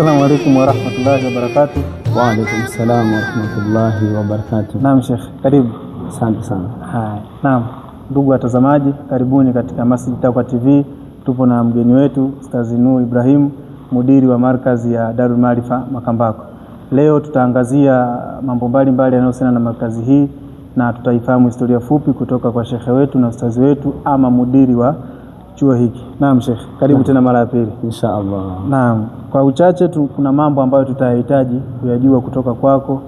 Assalamu alaikum warahmatullahi wabarakatuh. Wa alaikum salam warahmatullahi wabarakatuh. Naam Sheikh, karibu. Asante sana. Haya. Naam, ndugu watazamaji, karibuni katika Masjid Taqwa TV. Tupo na mgeni wetu Ustazi Nuhu Ibrahimu, mudiri wa markazi ya Darul Maarifa Makambako. Leo tutaangazia mambo mbalimbali yanayohusiana na makazi hii na tutaifahamu historia fupi kutoka kwa shekhe wetu na ustazi wetu ama mudiri wa chuo hiki. Naam shekhe, karibu na tena mara ya pili inshaallah. Naam, kwa uchache tu kuna mambo ambayo tutayahitaji kuyajua kutoka kwako.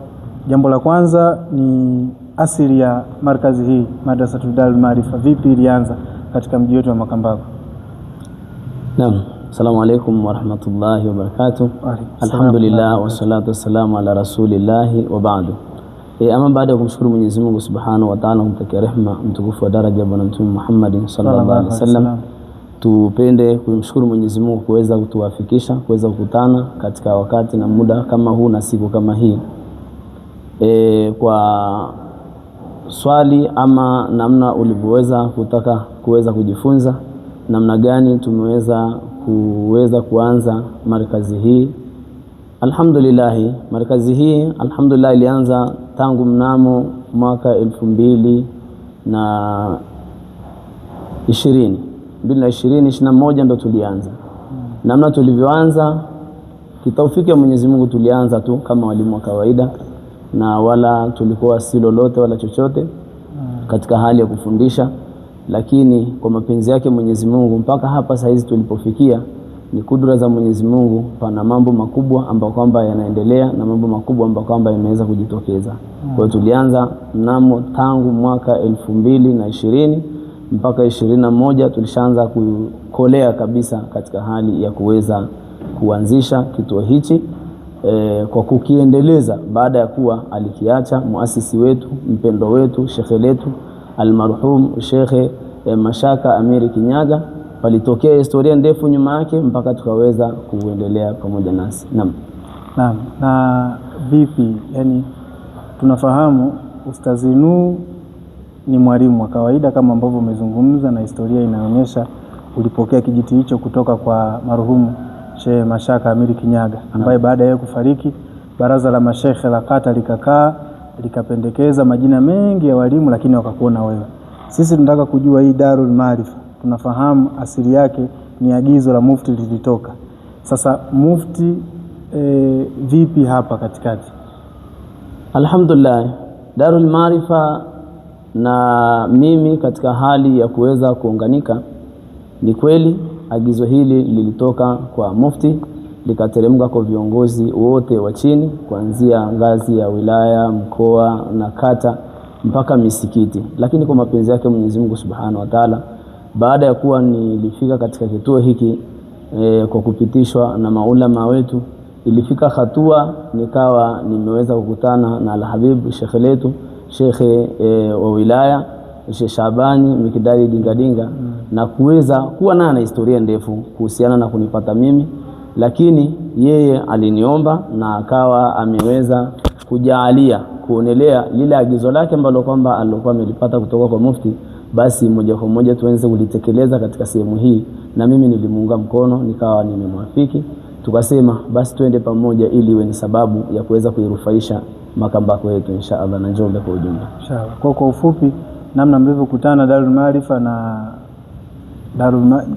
Jambo la kwanza ni asili ya markazi hii Madrasatul Darul Maarifa, vipi ilianza katika mji wetu wa Makambako? Naam. Assalamu alaikum warahmatullahi wabarakatuh. Alhamdulillah wassalatu wassalamu ala rasulillahi wa ba'du. E, ama baada ya kumshukuru Mwenyezi Mungu Subhanahu wa Ta'ala, kumtakia rehma mtukufu wa daraja Bwana Mtume Muhammad sallallahu alaihi wasallam, tupende kumshukuru Mwenyezi Mungu kuweza kutuwafikisha kuweza kukutana katika wakati na muda kama huu na siku kama hii e, kwa swali ama namna ulivyoweza kutaka kuweza kujifunza namna gani tumeweza kuweza kuanza markazi hii alhamdulillah. Markazi hii alhamdulillah ilianza tangu mnamo mwaka elfu mbili na ishirini mbili na ishirini ishirini na moja ndo tulianza namna tulivyoanza kitaufiki ya Mwenyezi Mungu tulianza tu kama walimu wa kawaida, na wala tulikuwa si lolote wala chochote katika hali ya kufundisha lakini kwa mapenzi yake Mwenyezi Mungu mpaka hapa saizi tulipofikia ni kudura za Mwenyezi Mungu. Pana mambo makubwa ambayo kwamba yanaendelea na mambo makubwa ambayo kwamba yameweza kujitokeza. Kwa hiyo tulianza mnamo tangu mwaka elfu mbili na ishirini mpaka ishirini na moja tulishaanza kukolea kabisa katika hali ya kuweza kuanzisha kituo hichi e, kwa kukiendeleza baada ya kuwa alikiacha muasisi wetu mpendo wetu shekhe letu almarhum shekhe e, Mashaka Amiri Kinyaga. Palitokea historia ndefu nyuma yake mpaka tukaweza kuendelea pamoja nasi. Naam. Naam. Na vipi, yani tunafahamu Ustazi Nuu ni mwalimu wa kawaida kama ambavyo umezungumza, na historia inaonyesha ulipokea kijiti hicho kutoka kwa marhumu Sheikh Mashaka Amiri Kinyaga ambaye baada ya kufariki baraza la mashekhe la kata likakaa likapendekeza majina mengi ya walimu, lakini wakakuona wewe sisi tunataka kujua hii Darul Maarifa, tunafahamu asili yake ni agizo la mufti lilitoka. Sasa mufti e, vipi hapa katikati? Alhamdulillah, Darul Maarifa na mimi katika hali ya kuweza kuunganika, ni kweli agizo hili lilitoka kwa mufti likateremka kwa viongozi wote wa chini kuanzia ngazi ya wilaya, mkoa na kata mpaka misikiti, lakini kwa mapenzi yake Mwenyezi Mungu Subhanahu wa Ta'ala, baada ya kuwa nilifika katika kituo hiki e, kwa kupitishwa na maulama wetu, ilifika hatua nikawa nimeweza kukutana na Alhabib shekhe letu shekhe e, wa wilaya Sheikh Shabani Mikidadi Dingadinga hmm, na kuweza kuwa naye na historia ndefu kuhusiana na kunipata mimi, lakini yeye aliniomba na akawa ameweza kujaalia kuonelea lile agizo lake ambalo kwamba alikuwa amelipata kutoka kwa mufti, basi moja kwa moja tuanze kulitekeleza katika sehemu hii, na mimi nilimuunga mkono nikawa nimemwafiki, tukasema basi twende pamoja ili iwe ni sababu ya kuweza kuirufaisha Makambako yetu insha Allah na Njombe kwa ujumla. Kwa kwa ufupi namna mlivyokutana daru Maarifa na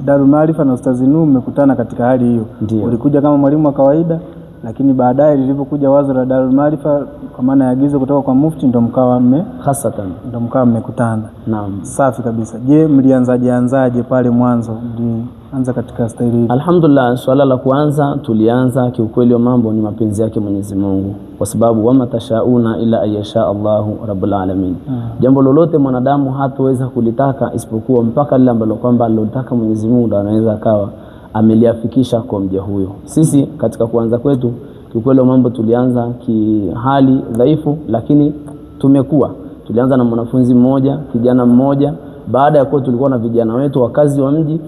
Darul na ustazinu mmekutana katika hali hiyo. Ulikuja kama mwalimu wa kawaida lakini baadaye lilivyokuja wazo la Darul Maarifa kwa maana ya agizo kutoka kwa mufti ndo mkawa mme hasatan ndo mkawa mmekutana. Naam, safi kabisa. Je, mlianzaje anzaje pale mwanzo? Mlianza katika staili hii? Alhamdulillah, swala la kuanza tulianza kiukweli wa mambo ni mapenzi yake Mwenyezi Mungu, kwa sababu wama tashauna ila ayasha Allahu rabbul alamin. Ah. Jambo lolote mwanadamu hataweza kulitaka isipokuwa mpaka lile ambalo kwamba alilotaka Mwenyezi Mungu ndo anaweza akawa ameliafikisha kwa mja huyo. Sisi katika kuanza kwetu kiukweli, mambo tulianza kihali dhaifu, lakini tumekuwa. Tulianza na mwanafunzi mmoja, kijana mmoja. Baada ya kuwa tulikuwa na vijana wetu wakazi wa mji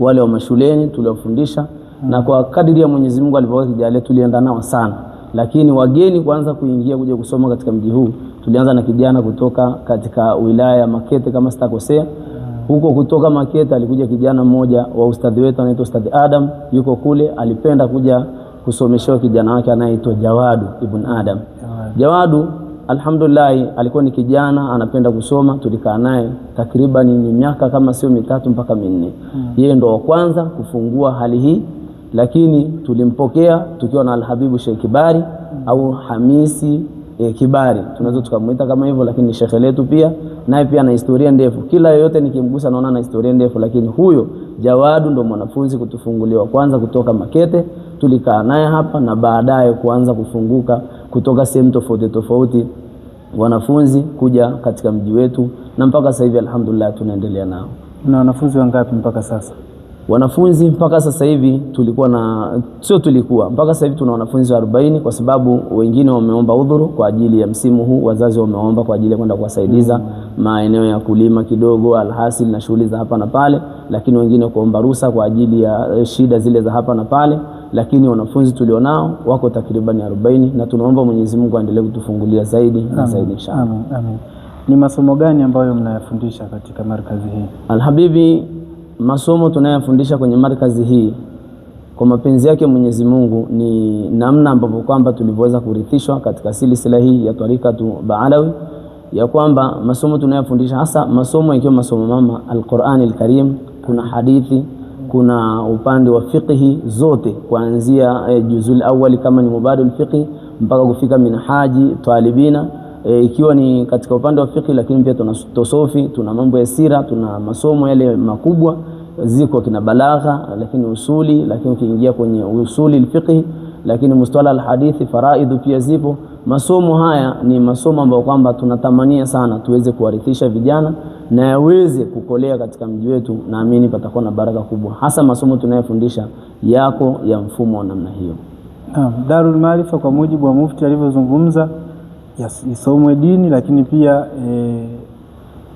wale wa mashuleni tuliwafundisha, na kwa kadiri ya Mwenyezi Mungu alivyokuwa kijalia, tulienda nao sana, lakini wageni kuanza kuingia kuja kusoma katika mji huu, tulianza na kijana kutoka katika wilaya ya Makete kama sitakosea huko kutoka Makete alikuja kijana mmoja wa ustadhi wetu anaitwa Ustadhi Adam, yuko kule, alipenda kuja kusomeshwa kijana wake anayeitwa Jawadu ibn Adam. Jawadu alhamdulillah, alikuwa ni kijana anapenda kusoma, tulikaa naye takriban ni miaka kama sio mitatu mpaka minne. Hmm. Yeye ndo wa kwanza kufungua hali hii, lakini tulimpokea tukiwa na Alhabibu Sheikh Kibari hmm. au Hamisi eh, Kibari tunaweza tukamwita kama hivyo, lakini ni shekhe letu pia naye pia ana historia ndefu. Kila yoyote nikimgusa naona ana historia ndefu, lakini huyo Jawadu ndo mwanafunzi kutufunguliwa kwanza kutoka Makete, tulikaa naye hapa na baadaye kuanza kufunguka kutoka sehemu tofauti tofauti wanafunzi kuja katika mji wetu, na mpaka sasa hivi alhamdulillah tunaendelea nao. Na wanafunzi wangapi mpaka sasa? Wanafunzi mpaka sasa hivi tulikuwa na sio, tulikuwa mpaka sasa hivi tuna wanafunzi wa 40 kwa sababu wengine wameomba udhuru kwa ajili ya msimu huu, wazazi wameomba kwa ajili ya kwenda kuwasaidiza mm. maeneo ya kulima kidogo, alhasil na shughuli za hapa na pale, lakini wengine kuomba ruhusa kwa ajili ya eh, shida zile za hapa na pale, lakini wanafunzi tulionao wako takriban 40 na tunaomba Mwenyezi Mungu aendelee kutufungulia zaidi na zaidi inshallah. Amin. Ni masomo gani ambayo mnayafundisha katika markazi hii? Alhabibi masomo tunayofundisha kwenye markazi hii kwa mapenzi yake Mwenyezi Mungu ni namna ambavyo kwamba tulivyoweza kurithishwa katika silsila hii ya tarikatu Baalawi, ya kwamba masomo tunayofundisha hasa masomo ikiwa masomo mama Alqurani Alkarim, kuna hadithi, kuna upande wa fiqhi zote kuanzia eh, juzul awali kama ni mubadul fiqhi mpaka kufika minhaji talibina e, ikiwa ni katika upande wa fiqh, lakini pia tuna tosofi, tuna mambo ya sira, tuna masomo yale makubwa ziko kina balagha, lakini usuli, lakini ukiingia kwenye usuli alfiqh, lakini mustala alhadithi, faraidhu pia zipo. Masomo haya ni masomo ambayo kwamba tunatamania sana tuweze kuwarithisha vijana na yaweze kukolea katika mji wetu. Naamini patakuwa na baraka kubwa, hasa masomo tunayofundisha yako ya mfumo wa namna hiyo. Darul Maarifa, kwa mujibu wa mufti alivyozungumza isomwe dini, lakini pia e,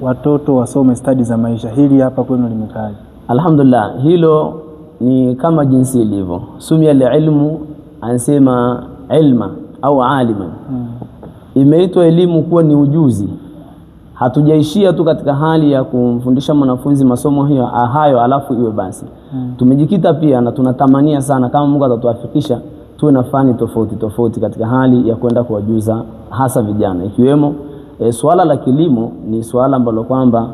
watoto wasome stadi za maisha. Hili hapa kwenu limekaa Alhamdulillah, hilo ni kama jinsi ilivyo sumia lilmu, anasema ilma au aliman hmm. Imeitwa elimu kuwa ni ujuzi. Hatujaishia tu katika hali ya kumfundisha mwanafunzi masomo hiyo ah, hayo, alafu iwe basi hmm. Tumejikita pia na tunatamania sana kama Mungu atatuafikisha tuwe na fani tofauti tofauti katika hali ya kwenda kuwajuza hasa vijana, ikiwemo e, swala la kilimo ni swala ambalo kwamba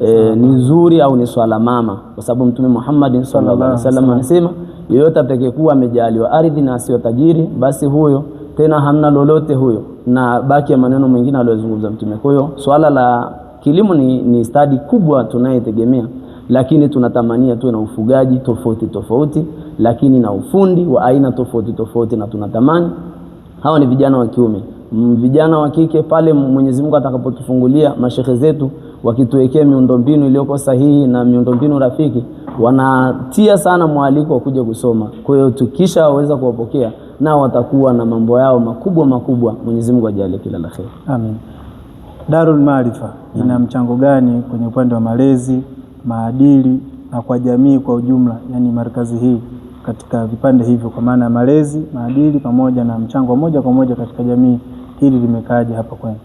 e, ni nzuri au ni swala mama, kwa sababu Mtume Muhammad sallallahu alaihi wasallam anasema yeyote atakayekuwa amejaliwa ardhi na asiyo tajiri, basi huyo tena hamna lolote huyo, na baki ya maneno mengine aliyozungumza Mtume. Kwa hiyo swala la kilimo ni, ni stadi kubwa tunayetegemea lakini tunatamania tuwe na ufugaji tofauti tofauti, lakini na ufundi wa aina tofauti tofauti, na tunatamani hawa ni vijana wa kiume, vijana wa kike, pale Mwenyezi Mungu atakapotufungulia mashehe zetu wakituwekea miundombinu iliyoko sahihi na miundombinu rafiki, wanatia sana mwaliko wa kuja kusoma. Kwa hiyo tukishaweza kuwapokea nao watakuwa na mambo yao makubwa makubwa. Mwenyezi Mungu ajalie kila la kheri, Darul Maarifa ina mchango gani kwenye upande wa malezi maadili na kwa jamii kwa ujumla, yani markazi hii katika vipande hivyo, kwa maana ya malezi, maadili pamoja na mchango moja kwa moja katika jamii, hili limekaaje hapa kwenu?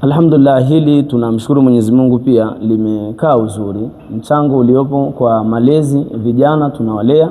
Alhamdulillah, hili tunamshukuru Mwenyezi Mungu, pia limekaa uzuri. Mchango uliopo kwa malezi, vijana tunawalea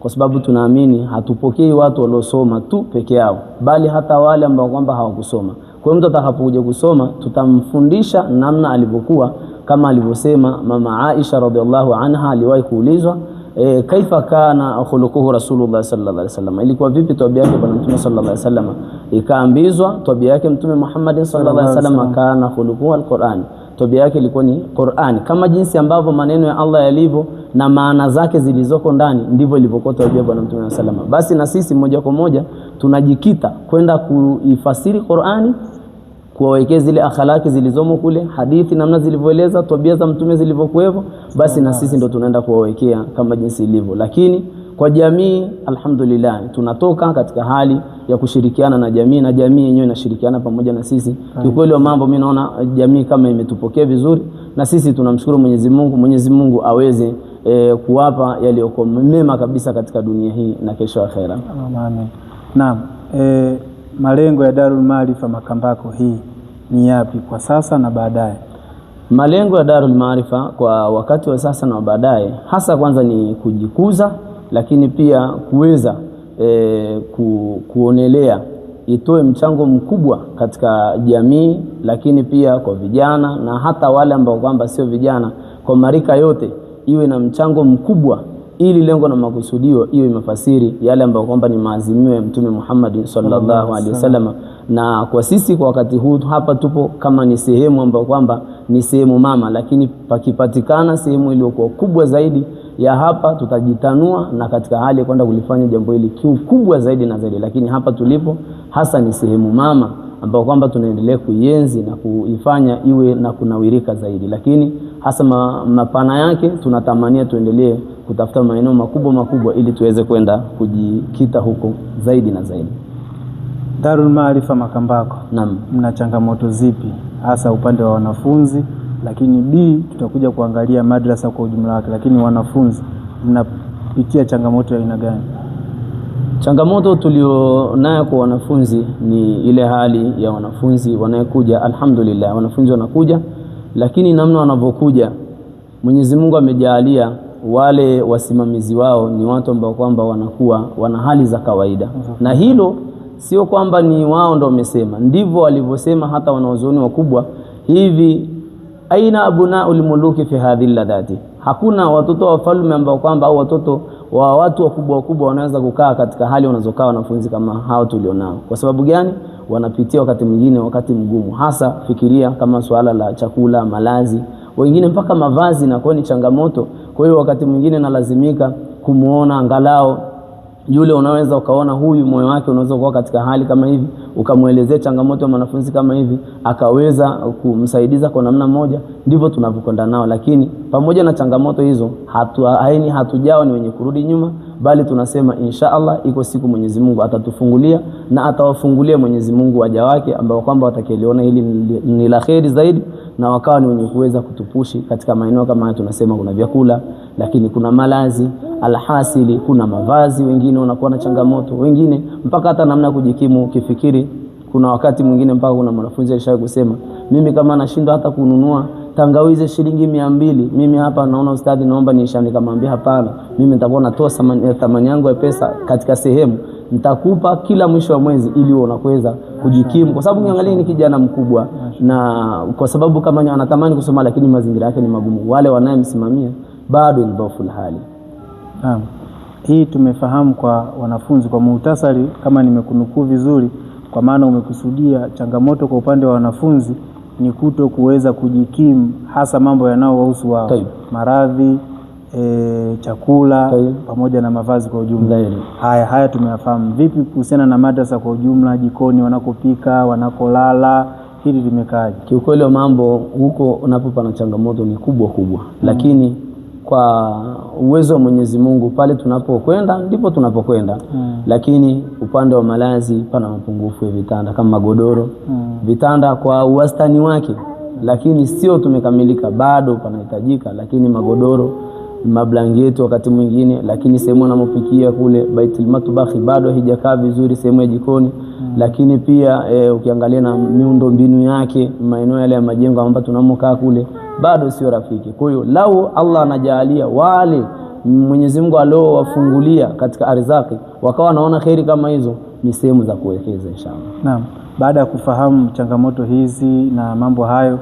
kwa sababu tunaamini hatupokei watu waliosoma tu peke yao, bali hata wale ambao kwamba hawakusoma. Kwa hiyo mtu atakapokuja kusoma, tutamfundisha namna alivyokuwa kama alivyosema mama Aisha radhiallahu anha aliwahi kuulizwa E, kaifa kana khuluquhu Rasulullah sallallahu alaihi wasallam, ilikuwa vipi tabia yake bwana mtume sallallahu alaihi wasallam? Ikaambizwa tabia yake mtume Muhammad sallallahu alaihi wasallam, kana khuluquhu alquran, tabia yake ilikuwa ni Qur'an. Kama jinsi ambavyo maneno ya Allah yalivyo na maana zake zilizoko ndani, ndivyo ilivyokuwa tabia bwana mtume sallallahu alaihi wasallam. Basi na sisi moja kwa moja tunajikita kwenda kuifasiri Qur'ani kuwawekea zile akhlaki zilizomo kule, hadithi namna zilivyoeleza, tabia za mtume zilivyokuwepo, basi na sisi ndo tunaenda kuwawekea kama jinsi ilivyo. Lakini kwa jamii alhamdulillah, tunatoka katika hali ya kushirikiana na jamii na jamii yenyewe inashirikiana pamoja na sisi. Kiukweli wa mambo, mimi naona eh, jamii kama imetupokea vizuri, na sisi tunamshukuru Mwenyezi Mungu. Mwenyezi Mungu aweze e, kuwapa yaliyokuwa mema kabisa katika dunia hii na kesho akhera. Amen. Naam. E malengo ya Darul Maarifa Makambako hii ni yapi kwa sasa na baadaye? Malengo ya Darul Maarifa kwa wakati wa sasa na baadaye, hasa kwanza ni kujikuza, lakini pia kuweza e, ku, kuonelea itoe mchango mkubwa katika jamii, lakini pia kwa vijana na hata wale ambao kwamba sio vijana, kwa marika yote iwe na mchango mkubwa ili lengo na makusudio hiyo imefasiri yale ambayo kwamba ni maazimio ya Mtume Muhammad sallallahu alaihi wasallam. Na kwa sisi kwa wakati huu hapa tupo kama ni sehemu ambayo kwamba ni sehemu mama, lakini pakipatikana sehemu iliyokuwa kubwa zaidi ya hapa tutajitanua na katika hali ya kwenda kulifanya jambo hili kubwa zaidi na zaidi, lakini hapa tulipo hasa ni sehemu mama ambao kwamba tunaendelea kuienzi na kuifanya iwe na kunawirika zaidi, lakini hasa mapana yake tunatamania tuendelee kutafuta maeneo makubwa makubwa ili tuweze kwenda kujikita huko zaidi na zaidi. Darul Maarifa Makambako, naam, mna changamoto zipi hasa upande wa wanafunzi? Lakini b tutakuja kuangalia madrasa kwa ujumla wake, lakini wanafunzi mnapitia changamoto ya aina gani? Changamoto tulionayo kwa wanafunzi ni ile hali ya wanafunzi wanayokuja. Alhamdulillah, wanafunzi wanakuja, lakini namna wanavyokuja Mwenyezi Mungu amejaalia wale wasimamizi wao ni watu ambao kwamba wanakuwa wana hali za kawaida uhum. Na hilo sio kwamba ni wao ndio wamesema, ndivyo walivyosema hata wanaozoni wakubwa hivi, aina abnaul muluki fi hadhihi ladhati, hakuna watoto wa falme ambao kwamba au watoto wa watu wakubwa wakubwa wanaweza kukaa katika hali wanazokaa wanafunzi kama hao tulionao. Kwa sababu gani? Wanapitia wakati mwingine wakati mgumu, hasa fikiria kama suala la chakula, malazi, wengine mpaka mavazi, na kwa ni changamoto kwa hiyo wakati mwingine nalazimika kumuona angalau yule unaweza ukaona huyu moyo wake unaweza kuwa katika hali kama hivi, ukamwelezea changamoto ya mwanafunzi kama hivi, akaweza kumsaidiza kwa namna moja. Ndivyo tunavyokwenda nao, lakini pamoja na changamoto hizo hatu, haini hatujawa ni wenye kurudi nyuma bali tunasema insha Allah, iko siku Mwenyezi Mungu atatufungulia na atawafungulia Mwenyezi Mungu waja wake ambao kwamba watakiliona hili ni la kheri zaidi, na wakawa ni wenye kuweza kutupushi katika maeneo kama haya. Tunasema kuna vyakula, lakini kuna malazi alhasili, kuna mavazi. Wengine wanakuwa na changamoto, wengine mpaka hata namna kujikimu kifikiri. Kuna wakati mwingine mpaka kuna mwanafunzi alishawahi kusema, mimi kama nashindwa hata kununua tangawizi shilingi mia mbili. Mimi hapa naona ustadhi, naomba niisha. Nikamwambia hapana, mimi nitakuwa natoa eh, thamani yangu ya pesa katika sehemu, nitakupa kila mwisho wa mwezi ili unaweza kujikimu, kwa sababu niangalie, ni kijana mkubwa, na kwa sababu kama anatamani kusoma lakini mazingira yake ni magumu, wale wanayemsimamia bado ni dhaifu hali. hii tumefahamu kwa wanafunzi kwa muhtasari, kama nimekunukuu vizuri, kwa maana umekusudia changamoto kwa upande wa wanafunzi ni kuto kuweza kujikimu, hasa mambo yanayowahusu wao, maradhi e, chakula Taib. pamoja na mavazi kwa ujumla Laili. Haya haya tumeyafahamu. Vipi kuhusiana na madrasa kwa ujumla, jikoni wanakopika, wanakolala hili limekaaji Kiukweli wa mambo huko unapopana changamoto ni kubwa kubwa, mm. lakini kwa uwezo wa Mwenyezi Mungu pale tunapokwenda ndipo tunapokwenda mm. Lakini upande wa malazi pana mapungufu ya vitanda kama magodoro mm. Vitanda kwa uwastani wake, lakini sio tumekamilika bado, panahitajika, lakini magodoro, mablangeti wakati mwingine, lakini sehemu anamopikia kule baitul matbahi bado haijakaa vizuri, sehemu ya jikoni mm. Lakini pia e, ukiangalia na miundo mbinu yake maeneo yale ya majengo ambayo tunamokaa kule bado sio rafiki. Kwa hiyo lau Allah anajaalia wale Mwenyezi Mungu aliowafungulia katika arzaki wakawa wanaona kheri kama hizo, ni sehemu za kuwekeza inshallah. Naam, baada ya kufahamu changamoto hizi na mambo hayo,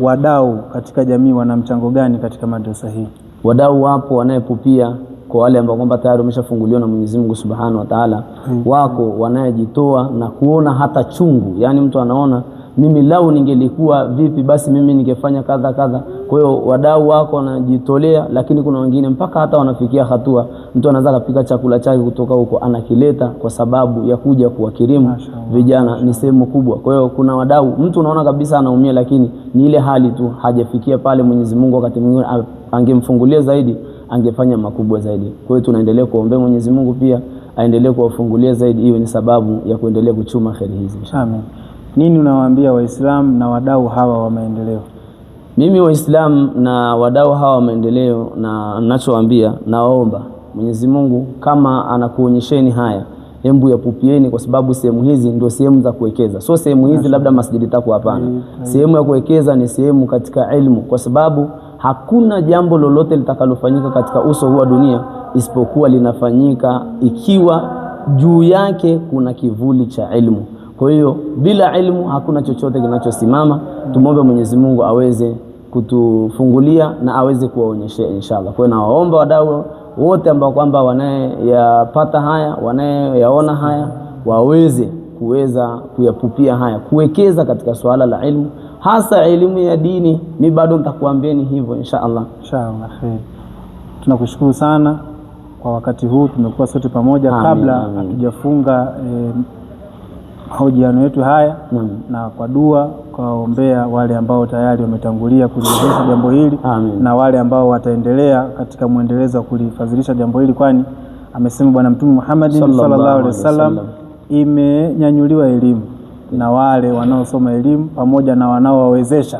wadau katika jamii wana mchango gani katika madrasa hii? Wadau wapo wanayepupia kwa wale ambao kwamba tayari wameshafunguliwa na Mwenyezi Mungu Subhanahu wa Ta'ala, wako wanayejitoa na kuona hata chungu, yaani mtu anaona mimi lau ningelikuwa vipi, basi mimi ningefanya kadha kadha. Kwa hiyo wadau wako wanajitolea, lakini kuna wengine mpaka hata wanafikia hatua mtu anaweza kupika chakula chake kutoka huko anakileta kwa sababu ya kuja kuwakirimu vijana. Ni sehemu kubwa. Kwa hiyo kuna wadau, mtu unaona kabisa anaumia, lakini ni ile hali tu, hajafikia pale. Mwenyezi Mungu wakati mwingine angemfungulia zaidi, angefanya makubwa zaidi. Kwa hiyo tunaendelea kuombea Mwenyezi Mungu pia aendelee kuwafungulia zaidi, hiyo ni sababu ya kuendelea kuchuma kheri hizi nini unawaambia Waislamu na wadau hawa wa maendeleo? Mimi Waislamu na wadau hawa wa maendeleo, na ninachowaambia, nawaomba Mwenyezi Mungu kama anakuonyesheni haya hembu yapupieni, kwa sababu sehemu hizi ndio sehemu za kuwekeza, so sehemu hizi labda masjidi taku, hapana. Mm, mm. Sehemu ya kuwekeza ni sehemu katika elimu, kwa sababu hakuna jambo lolote litakalofanyika katika uso huu wa dunia isipokuwa linafanyika ikiwa juu yake kuna kivuli cha elimu. Kwa hiyo bila ilmu hakuna chochote kinachosimama. Tumwombe Mwenyezi Mungu aweze kutufungulia na aweze kuwaonyeshea inshallah. Kwa hiyo nawaomba wadau wote ambao kwamba wanayeyapata haya wanayeyaona haya waweze kuweza kuyapupia haya, kuwekeza katika suala la ilmu, hasa elimu ya dini. Mi bado nitakuambieni hivyo inshallah. Inshallah eh. tunakushukuru sana kwa wakati huu tumekuwa sote pamoja. Amin, kabla hatujafunga eh, mahojiano yetu haya Amin. na kwa dua kuwaombea wale ambao tayari wametangulia kuliwezesha jambo hili Amin. na wale ambao wataendelea katika mwendelezo wa kulifadhilisha jambo hili, kwani amesema Bwana Mtume Muhammad sallallahu alaihi wasallam, imenyanyuliwa elimu na wale wanaosoma elimu pamoja na wanaowawezesha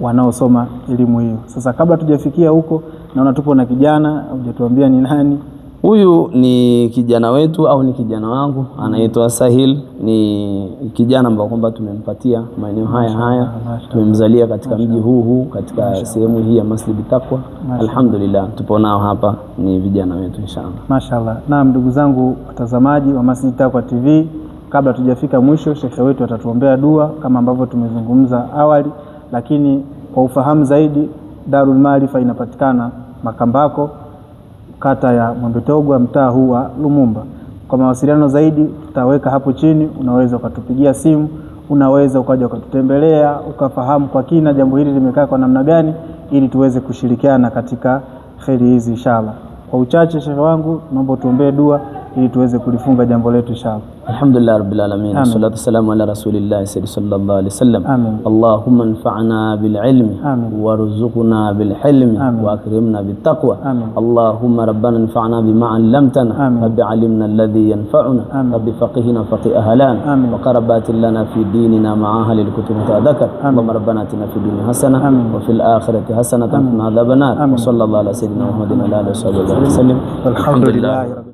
wanaosoma elimu hiyo. Sasa kabla tujafikia huko, naona tupo na kijana, hujatuambia ni nani? Huyu ni kijana wetu au ni kijana wangu anaitwa Sahil, ni kijana ambao kwamba tumempatia maeneo haya haya, tumemzalia katika mji huu huu katika sehemu hii ya Masjid Taqwa. Alhamdulillah, tupo nao hapa, ni vijana wetu inshallah. Mashaallah. Naam, ndugu zangu watazamaji wa Masjid Taqwa TV, kabla tujafika mwisho, shekhe wetu atatuombea dua kama ambavyo tumezungumza awali, lakini kwa ufahamu zaidi, Darul Maarifa inapatikana Makambako kata ya Mwembetogwa, mtaa huu wa Lumumba. Kwa mawasiliano zaidi tutaweka hapo chini, unaweza ukatupigia simu, unaweza ukaja ukatutembelea ukafahamu kwa kina jambo hili limekaa kwa namna gani, ili tuweze kushirikiana katika kheri hizi inshallah. Kwa uchache, shehe wangu, naomba tuombee dua ili tuweze kulifunga jambo letu inshallah. الحمد لله رب العالمين والصلاة والسلام على رسول الله صلى الله عليه وسلم آمين. اللهم انفعنا بالعلم آمين. وارزقنا بالحلم آمين. وأكرمنا بالتقوى آمين. اللهم ربنا انفعنا بما علمتنا آمين. رب علمنا الذي ينفعنا آمين. رب فقهنا فقه أهلان وقربات لنا في ديننا مع أهل الكتب تذكر اللهم ربنا اتنا في الدنيا حسنة آمين. وفي الآخرة حسنة وقنا عذاب النار وصلى الله على سيدنا محمد وعلى آله وصحبه وسلم الحمد لله رب